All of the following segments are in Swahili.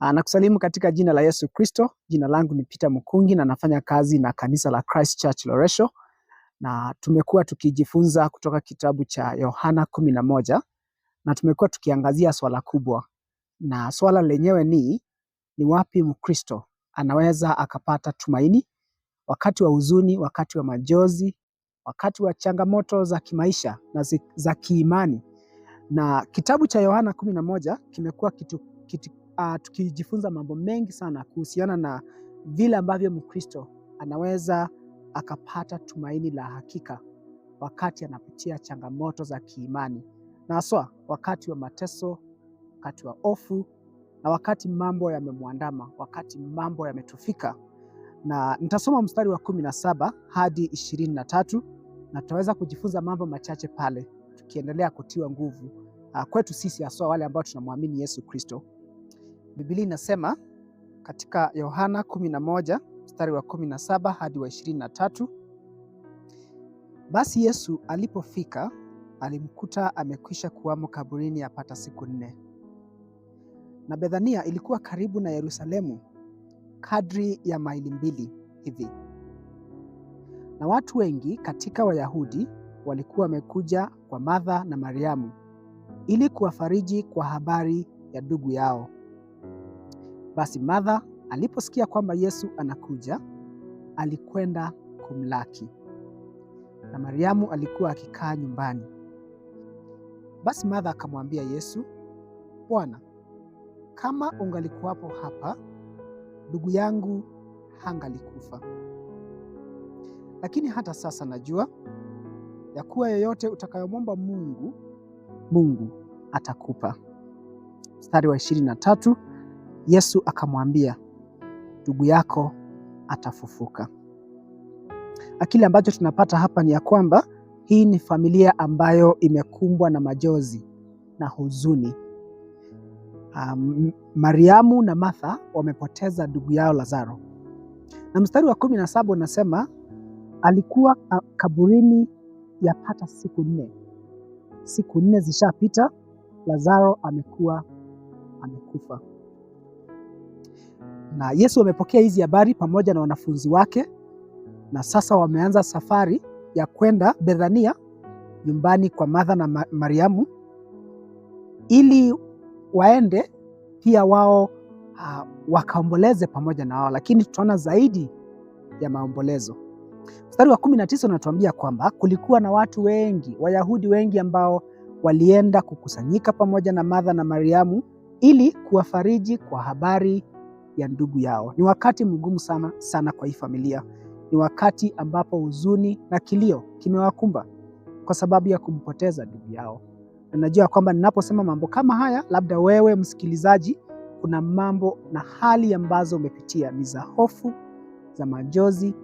Ah, nakusalimu katika jina la Yesu Kristo. Jina langu ni Peter Mukungi na nafanya kazi na kanisa la Christ Church Loresho, na tumekuwa tukijifunza kutoka kitabu cha Yohana kumi na moja na tumekuwa tukiangazia swala kubwa, na swala lenyewe ni ni wapi Mkristo anaweza akapata tumaini wakati wa huzuni, wakati wa majozi, wakati wa changamoto za kimaisha na za kiimani. Na kitabu cha Yohana kumi na moja kimekuwa kitu, kitu, uh, tukijifunza mambo mengi sana kuhusiana na vile ambavyo Mkristo anaweza akapata tumaini la hakika wakati anapitia changamoto za kiimani, na haswa wakati wa mateso, wakati wa ofu na wakati mambo yamemwandama, wakati mambo yametufika. Na nitasoma mstari wa kumi na saba hadi ishirini na tatu na tutaweza kujifunza mambo machache pale, tukiendelea kutiwa nguvu uh, kwetu sisi, haswa wale ambao tunamwamini Yesu Kristo. Biblia inasema katika Yohana 11 mstari wa 17 hadi wa 23, basi Yesu alipofika alimkuta amekwisha kuwamo kaburini yapata siku nne. Na Bethania ilikuwa karibu na Yerusalemu kadri ya maili mbili hivi, na watu wengi katika Wayahudi walikuwa wamekuja kwa Martha na Mariamu ili kuwafariji kwa habari ya ndugu yao. Basi Martha aliposikia kwamba Yesu anakuja, alikwenda kumlaki, na Mariamu alikuwa akikaa nyumbani. Basi Martha akamwambia Yesu, Bwana, kama ungalikuwapo hapa, ndugu yangu hangalikufa. Lakini hata sasa najua ya kuwa yoyote utakayomwomba Mungu, Mungu atakupa. Mstari wa Yesu akamwambia, ndugu yako atafufuka. Akili ambacho tunapata hapa ni ya kwamba hii ni familia ambayo imekumbwa na majozi na huzuni. Um, Mariamu na Martha wamepoteza ndugu yao Lazaro, na mstari wa kumi na saba unasema alikuwa kaburini yapata siku nne. Siku nne zishapita, Lazaro amekuwa amekufa. Na Yesu amepokea hizi habari pamoja na wanafunzi wake, na sasa wameanza safari ya kwenda Bethania, nyumbani kwa Martha na Mariamu, ili waende pia wao uh, wakaomboleze pamoja na wao, lakini tutaona zaidi ya maombolezo. Mstari wa 19 unatuambia kwamba kulikuwa na watu wengi, Wayahudi wengi ambao walienda kukusanyika pamoja na Martha na Mariamu ili kuwafariji kwa habari ya ndugu yao. Ni wakati mgumu sana sana kwa hii familia. Ni wakati ambapo huzuni na kilio kimewakumba kwa sababu ya kumpoteza ndugu yao. Na najua kwamba ninaposema mambo kama haya, labda wewe msikilizaji, kuna mambo na hali ambazo umepitia ni za hofu, za majozi,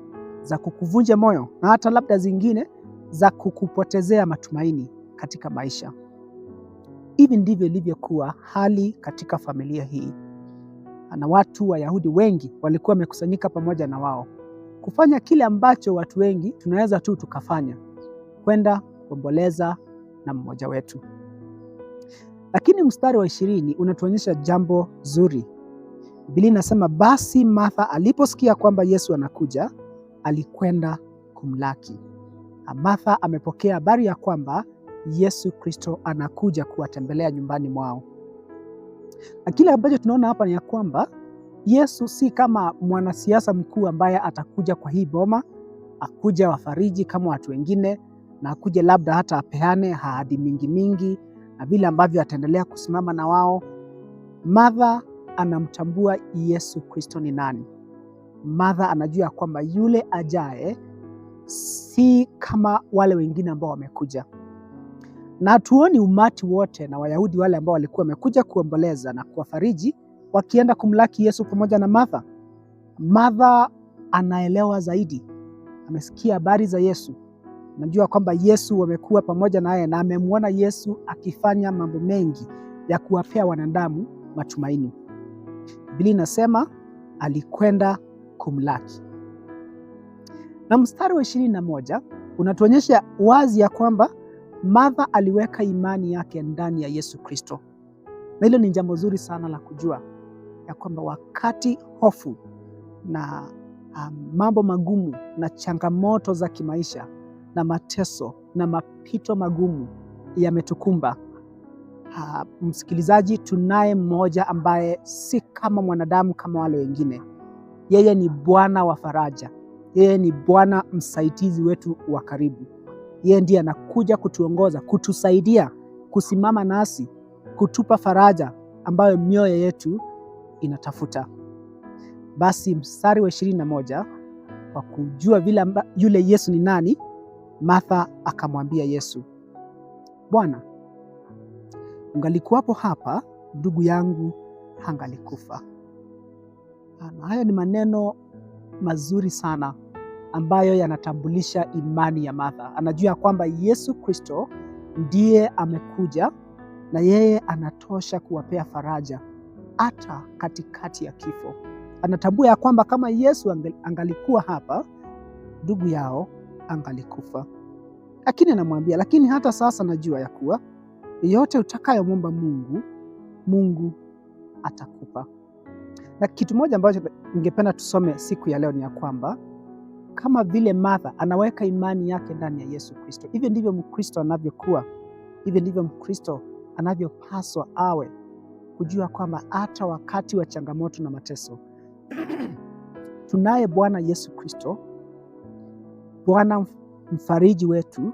za kukuvunja moyo na hata labda zingine za kukupotezea matumaini katika maisha. Hivi ndivyo ilivyokuwa hali katika familia hii na watu Wayahudi wengi walikuwa wamekusanyika pamoja na wao kufanya kile ambacho watu wengi tunaweza tu tukafanya, kwenda kuomboleza na mmoja wetu. Lakini mstari wa ishirini unatuonyesha jambo zuri. Biblia inasema, basi Martha aliposikia kwamba Yesu anakuja alikwenda kumlaki. Martha amepokea habari ya kwamba Yesu Kristo anakuja kuwatembelea nyumbani mwao. Na kile ambacho tunaona hapa ni ya kwamba Yesu si kama mwanasiasa mkuu ambaye atakuja kwa hii boma akuja wafariji kama watu wengine, na akuje labda hata apeane ahadi mingi mingi na vile ambavyo ataendelea kusimama na wao. Martha anamtambua Yesu Kristo ni nani. Martha anajua kwamba yule ajaye si kama wale wengine ambao wamekuja na hatuoni umati wote na Wayahudi wale ambao walikuwa wamekuja kuomboleza na kuwafariji wakienda kumlaki Yesu pamoja na Martha. Martha anaelewa zaidi, amesikia habari za Yesu, najua kwamba Yesu wamekuwa pamoja naye na amemwona Yesu akifanya mambo mengi ya kuwapea wanadamu matumaini. Biblia inasema alikwenda kumlaki, na mstari wa ishirini na moja unatuonyesha wazi ya kwamba Martha aliweka imani yake ndani ya Yesu Kristo, na hilo ni jambo zuri sana la kujua ya kwamba wakati hofu na um, mambo magumu na changamoto za kimaisha na mateso na mapito magumu yametukumba, uh, msikilizaji, tunaye mmoja ambaye si kama mwanadamu kama wale wengine. Yeye ni Bwana wa faraja, yeye ni Bwana msaidizi wetu wa karibu. Yeye ndiye anakuja kutuongoza, kutusaidia, kusimama nasi, kutupa faraja ambayo mioyo yetu inatafuta. Basi mstari wa ishirini na moja kwa kujua vile amba, yule Yesu ni nani, Martha akamwambia Yesu, Bwana, ungalikuwapo hapa, ndugu yangu hangalikufa. Na haya ni maneno mazuri sana ambayo yanatambulisha imani ya Martha. Anajua ya kwamba Yesu Kristo ndiye amekuja na yeye anatosha kuwapea faraja hata katikati ya kifo. Anatambua ya kwamba kama Yesu angalikuwa hapa, ndugu yao angalikufa, lakini anamwambia, lakini hata sasa najua ya kuwa yeyote utakayomwomba Mungu, Mungu atakupa. Na kitu moja ambacho ningependa tusome siku ya leo ni ya kwamba kama vile Martha anaweka imani yake ndani ya Yesu Kristo. Hivyo ndivyo Mkristo anavyokuwa, hivyo ndivyo Mkristo anavyopaswa awe, kujua kwamba hata wakati wa changamoto na mateso tunaye Bwana Yesu Kristo, Bwana mfariji wetu,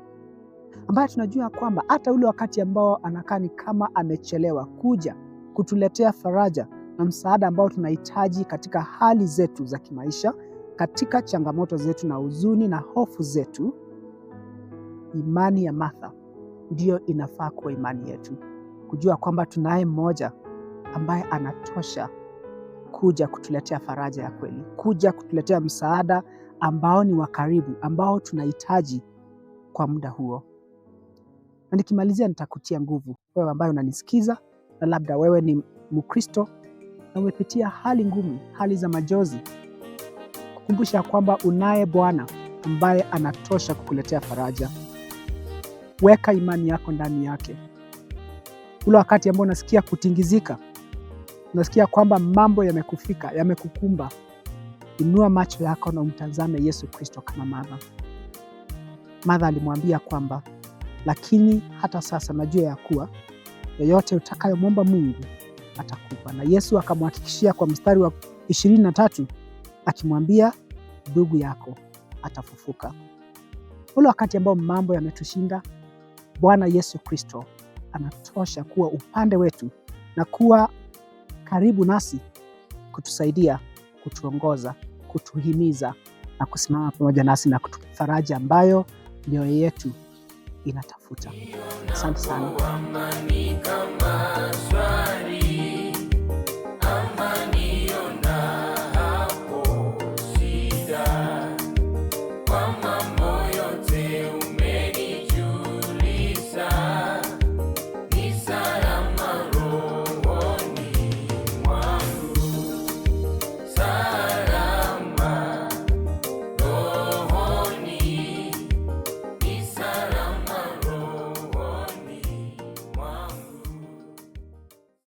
ambaye tunajua kwamba hata ule wakati ambao anakaa ni kama amechelewa kuja kutuletea faraja na msaada ambao tunahitaji katika hali zetu za kimaisha katika changamoto zetu na huzuni na hofu zetu, imani ya Martha ndiyo inafaa kuwa imani yetu, kujua kwamba tunaye mmoja ambaye anatosha kuja kutuletea faraja ya kweli, kuja kutuletea msaada ambao ni wa karibu, ambao tunahitaji kwa muda huo. Na nikimalizia, nitakutia nguvu wewe ambaye unanisikiza, na labda wewe ni Mkristo na umepitia hali ngumu, hali za majozi kukukumbusha ya kwamba unaye Bwana ambaye anatosha kukuletea faraja. Weka imani yako ndani yake. Ule wakati ambao unasikia kutingizika, unasikia kwamba mambo yamekufika, yamekukumba, inua macho yako na umtazame Yesu Kristo kama madha madha alimwambia kwamba lakini hata sasa najua ya kuwa yoyote utakayomwomba Mungu atakupa. Na Yesu akamhakikishia kwa mstari wa ishirini na tatu akimwambia ndugu yako atafufuka. Ule wakati ambao mambo yametushinda, Bwana Yesu Kristo anatosha kuwa upande wetu na kuwa karibu nasi, kutusaidia, kutuongoza, kutuhimiza na kusimama pamoja nasi na kutufaraja ambayo mioyo yetu inatafuta. Asante sana.